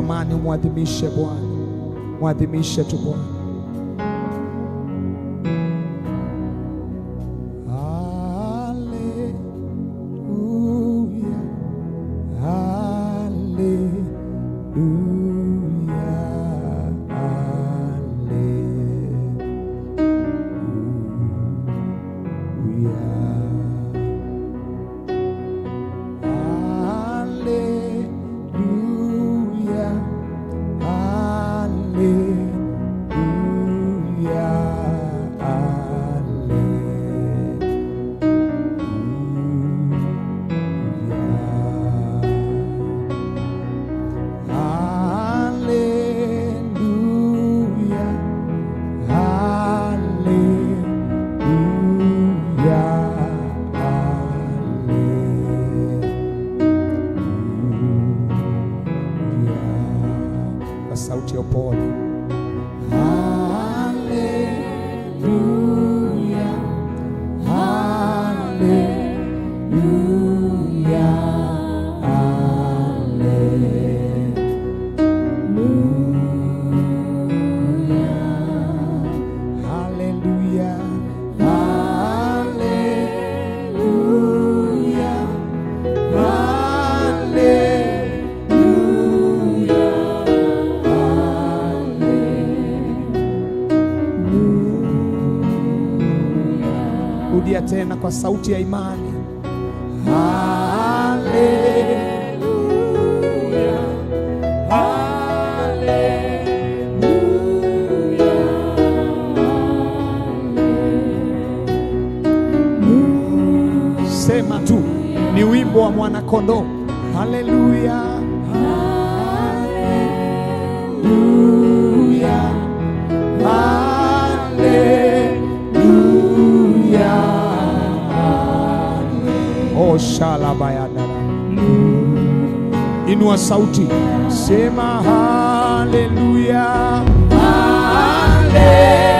Natamani umwadhimishe Bwana, mwadhimishe tu Bwana. eu pole. kwa sauti ya imani Sema tu ni wimbo wa mwanakondoo. Haleluya. shalabayadara. Inua sauti, sema haleluya, haleluya.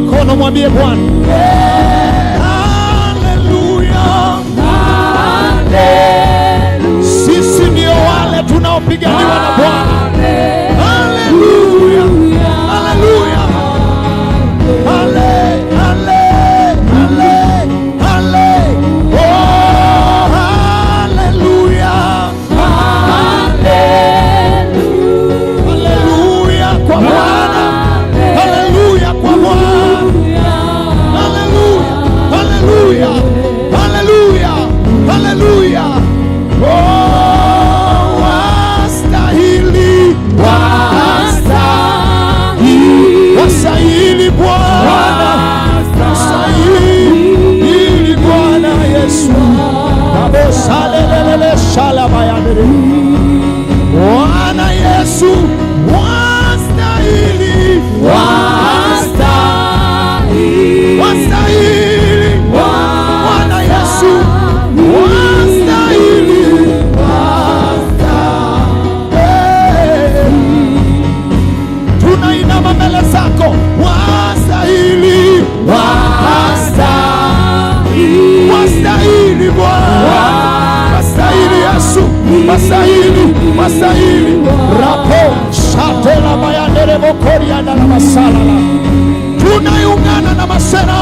mikono, mwambie Bwana sisi ndio wale tunaopiganiwa na Bwana. You.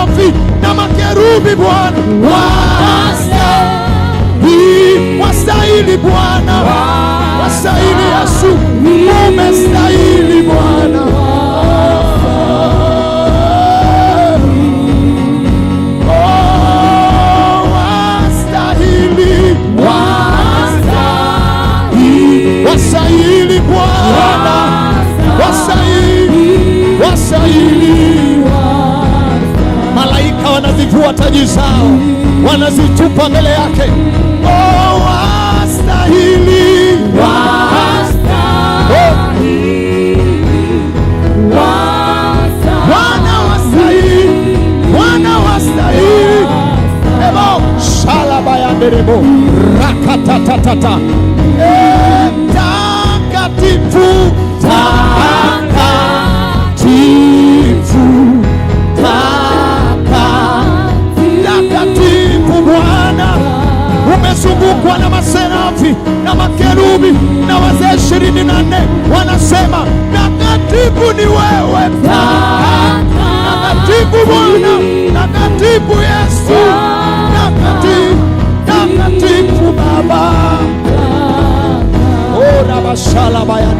safi na makerubi Bwana wastahili, Bwana wastahili, Yesu umestahili Bwana. Wastahili Bwana, wastahili, juhudi zao wanazitupa mbele yake. Oh, wastahili ebo shalabayanderebo rakatatatata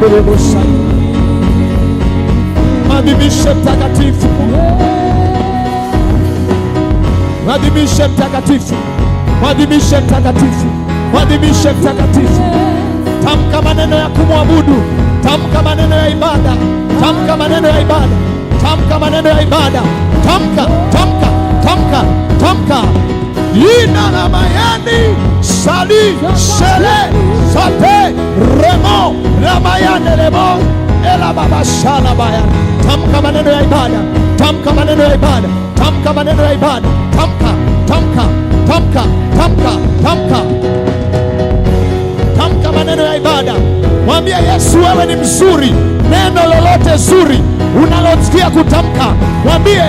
kukukurubusha. Adhimishe mtakatifu, adhimishe mtakatifu, adhimishe mtakatifu, adhimishe mtakatifu. Tamka maneno ya kumwabudu, tamka maneno ya ibada, tamka maneno ya ibada, tamka maneno ya ibada, tamka, tamka, tamka, tamka ina la mayani sali sele sate remo la mayane remo ela baba shala baya. Tamka maneno ya ibada, tamka maneno ya ibada, tamka maneno ya ibada, tamka tamka tamka tamka tamka tamka maneno ya Mwambie Yesu, wewe ni mzuri. Neno lolote zuri unalosikia kutamka, mwambie,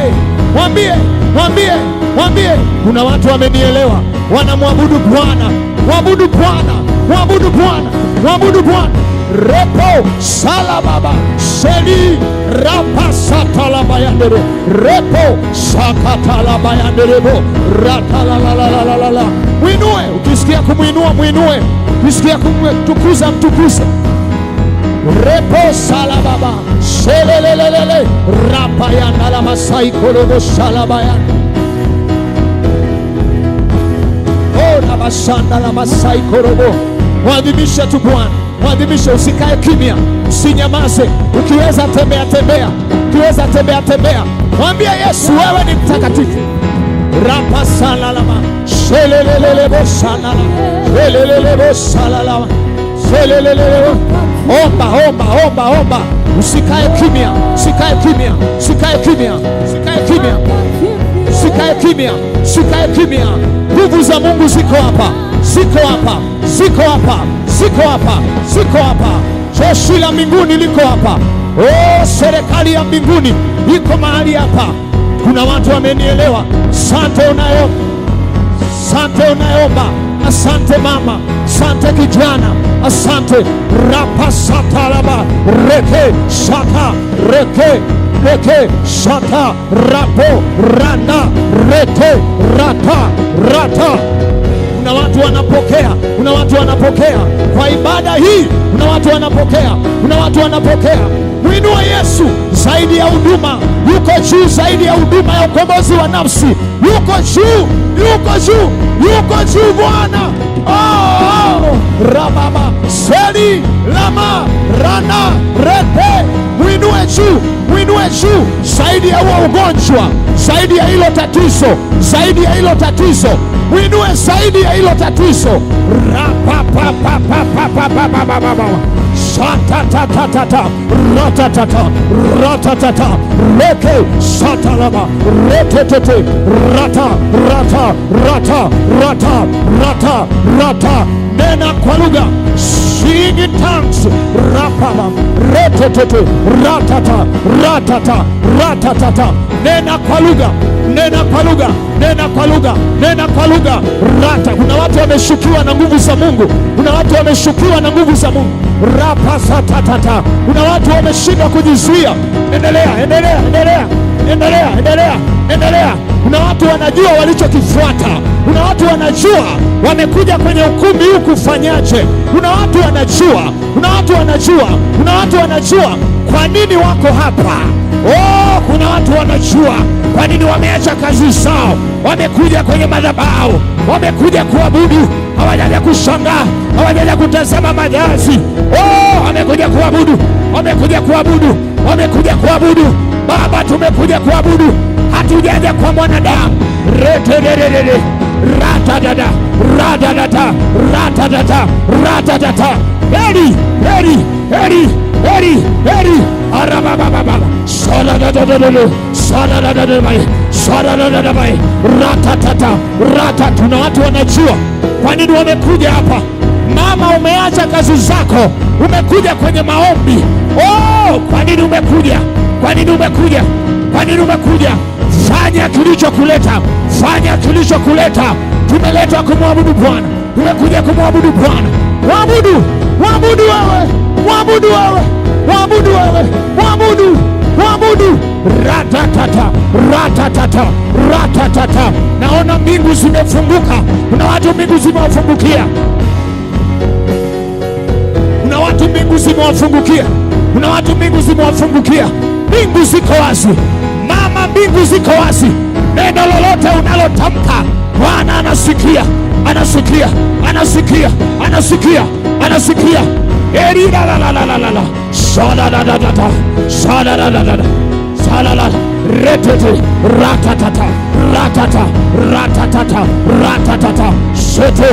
mwambie, mwambie, mwambie. Kuna watu wamenielewa, wanamwabudu Bwana. Mwabudu Bwana, mwabudu Bwana, mwabudu Bwana repo salababa seli rapasatalabayandere repo sakatalabayanderebo ratalalalala. Mwinue, ukisikia kumwinua mwinue, ukisikia kumtukuza mtukuze. Repo salababa selelelelele rapayandalamasaikolobo salabayande orabasandalamasai korobo. Oh, Mwadhimisha tu Bwana. Mwadhimishe, usikae kimya, usinyamaze. Ukiweza tembea tembea, ukiweza tembea tembea, mwambie Yesu, wewe ni mtakatifu. rapa salalama shelelelelebo salala selelelelebo salalama shelelelelebo. Omba, omba, omba, omba, usikae kimya, usikae kimya, usikae kimya, usikae kimya, usikae kimya, usikae kimya. Nguvu za Mungu ziko hapa, ziko hapa, ziko hapa ziko hapa, ziko hapa. Jeshi la mbinguni liko hapa. Oh, serikali ya mbinguni iko mahali hapa. Kuna watu wamenielewa. Sante unayo, sante unayoomba. Asante mama, sante kijana, asante rapa laba reke shata reke reke shata rapo rana rete rata rata kuna watu wanapokea, kuna watu wanapokea kwa ibada hii, kuna watu wanapokea, kuna watu wanapokea. Mwinua Yesu zaidi ya huduma, yuko juu zaidi ya huduma ya ukombozi wa nafsi, yuko juu, yuko juu, yuko juu Bwana. Oh, oh, seli lama rana rete mwinue juu, mwinue juu zaidi ya huo ugonjwa, zaidi ya hilo tatizo, zaidi ya hilo tatizo, mwinue zaidi ya hilo tatizo satatatata ratatata ratatata leke satalaba retetete rata rata rata rata rata rata rata Nena kwa lugha, sing in tongues. Rapala retetete ratata ratata ratatata. Nena kwa lugha, nena kwa lugha, nena kwa lugha, nena kwa lugha rata. Kuna watu wameshukiwa na nguvu za Mungu, kuna watu wameshukiwa na nguvu za Mungu. rapa satatata. kuna watu wameshindwa kujizuia. Endelea, endelea, endelea, endelea, endelea, endelea kuna watu wanajua walichokifuata, kuna watu wanajua wamekuja kwenye ukumbi huu kufanyaje, kuna watu wanajua, kuna watu wanajua, kuna watu wanajua kwa nini wako hapa. Oh, kuna watu wanajua kwa nini wameacha kazi zao, wamekuja kwenye madhabahu, wamekuja kuabudu, hawajaja kushangaa, hawajaja kutazama majazi. Oh, wamekuja kuabudu, wamekuja kuabudu, wamekuja kuabudu. Baba, tumekuja kuabudu, hatuja kuja kwa mwanadamu retededede ratadada ratadata ratadata ratadata heri heri heri heri heri arababababala saladadadadado saladadadamaye saladadadamaye ratatata rata tuna watu wanajua kwa nini wamekuja hapa mama umeacha kazi zako umekuja kwenye maombi oh, kwa nini umekuja kwa nini umekuja kwa nini umekuja Fanya kilichokuleta, fanya kilichokuleta. Tumeletwa kumwabudu Bwana, tumekuja kumwabudu Bwana. Waabudu, waabudu wewe, waabudu wewe, waabudu wewe, mwabudu, mwabudu. Ratatata, ratatata, ratatata. Naona mbingu zimefunguka, kuna watu mbingu zimewafungukia, kuna watu mbingu zimewafungukia, kuna watu mbingu zimewafungukia, mbingu ziko wazi mbingu ziko wazi. Neno lolote unalotamka Bwana anasikia, anasikia, anasikia, anasikia, anasikia elilalalalalala saladadadada saladadadada salala retete ratatata ratata ratatata ratatata sete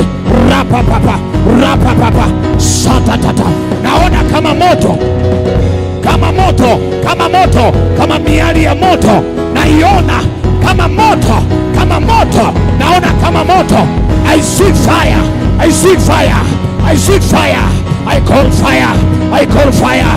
rapapapa rapapapa satatata. Naona kama moto kama moto, kama moto, kama miali ya moto naiona kama moto, kama moto naona kama moto. I see fire, I see fire, I see fire, I call fire, I call fire.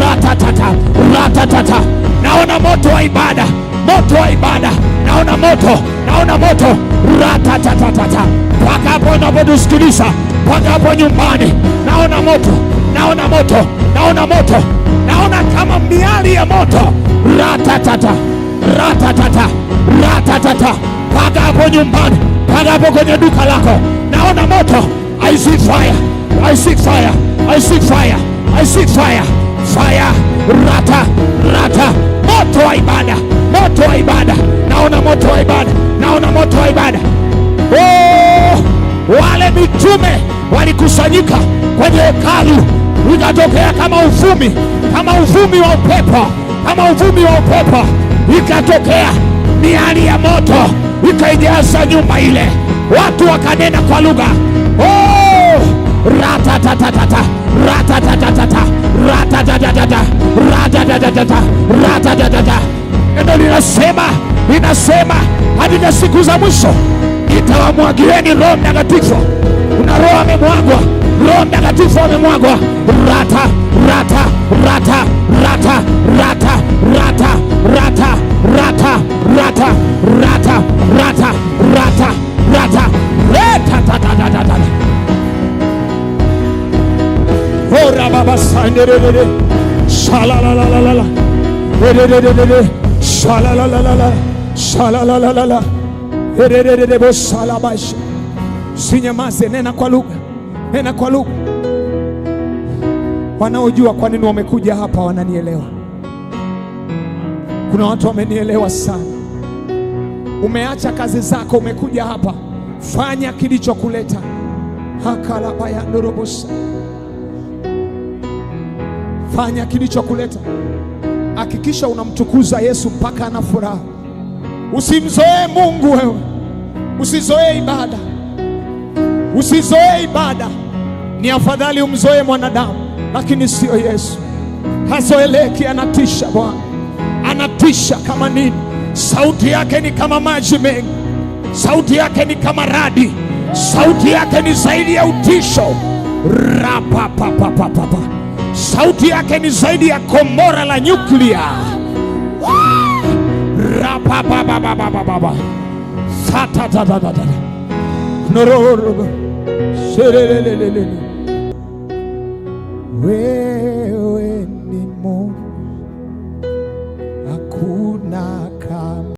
Ratatata, ratatata, naona moto wa ibada, moto wa ibada, naona moto, naona moto. ratatatata, mpaka hapo unapotusikiliza, mpaka hapo nyumbani, naona moto naona moto, naona moto, naona kama miali ya moto, ratatata ratatata ratatata, paga hapo nyumbani, paga hapo kwenye duka lako, naona moto. I see fire, I see fire, I see fire, I see fire, fire, rata rata, moto wa ibada, moto wa ibada, naona moto wa ibada, naona moto wa ibada. Oh, wale mitume walikusanyika kwenye hekalu ikatokea kama uvumi, kama uvumi wa upepo, kama uvumi wa upepo, ikatokea miali ya moto ikaijaza nyumba ile, watu wakanena kwa lugha oh! ratatatatata ratatatatata ratatatatata ratatatatata ratatatatata. Neno linasema linasema katika siku za mwisho itawamwagieni Roho Mtakatifu. Kuna roho amemwagwa Roho Mtakatifu amemwagwa rata rata rata rata rata rata rata rata rata rata rata rata rata rata ora baba sanderere shalalalalala erererere shalalalalala shalalalalala erererere bo shalabash sinyamaze nena kwa lugha nena kwa lugha. Wanaojua kwa nini wamekuja hapa wananielewa. Kuna watu wamenielewa sana. Umeacha kazi zako, umekuja hapa, fanya kilichokuleta. hakalabayandorobosa fanya kilichokuleta. Hakikisha unamtukuza Yesu mpaka ana furaha. Usimzoee Mungu wewe, usizoee ibada. Usizoee ibada, ni afadhali umzoee mwanadamu, lakini siyo Yesu. Hazoeleki, anatisha Bwana, anatisha kama nini! Sauti yake ni kama maji mengi, sauti yake ni kama radi, sauti yake ni zaidi ya utisho rapapapapapa, sauti yake ni zaidi ya kombora la nyuklia rapapapapapa. Nororoba. Şerelelelele. Well.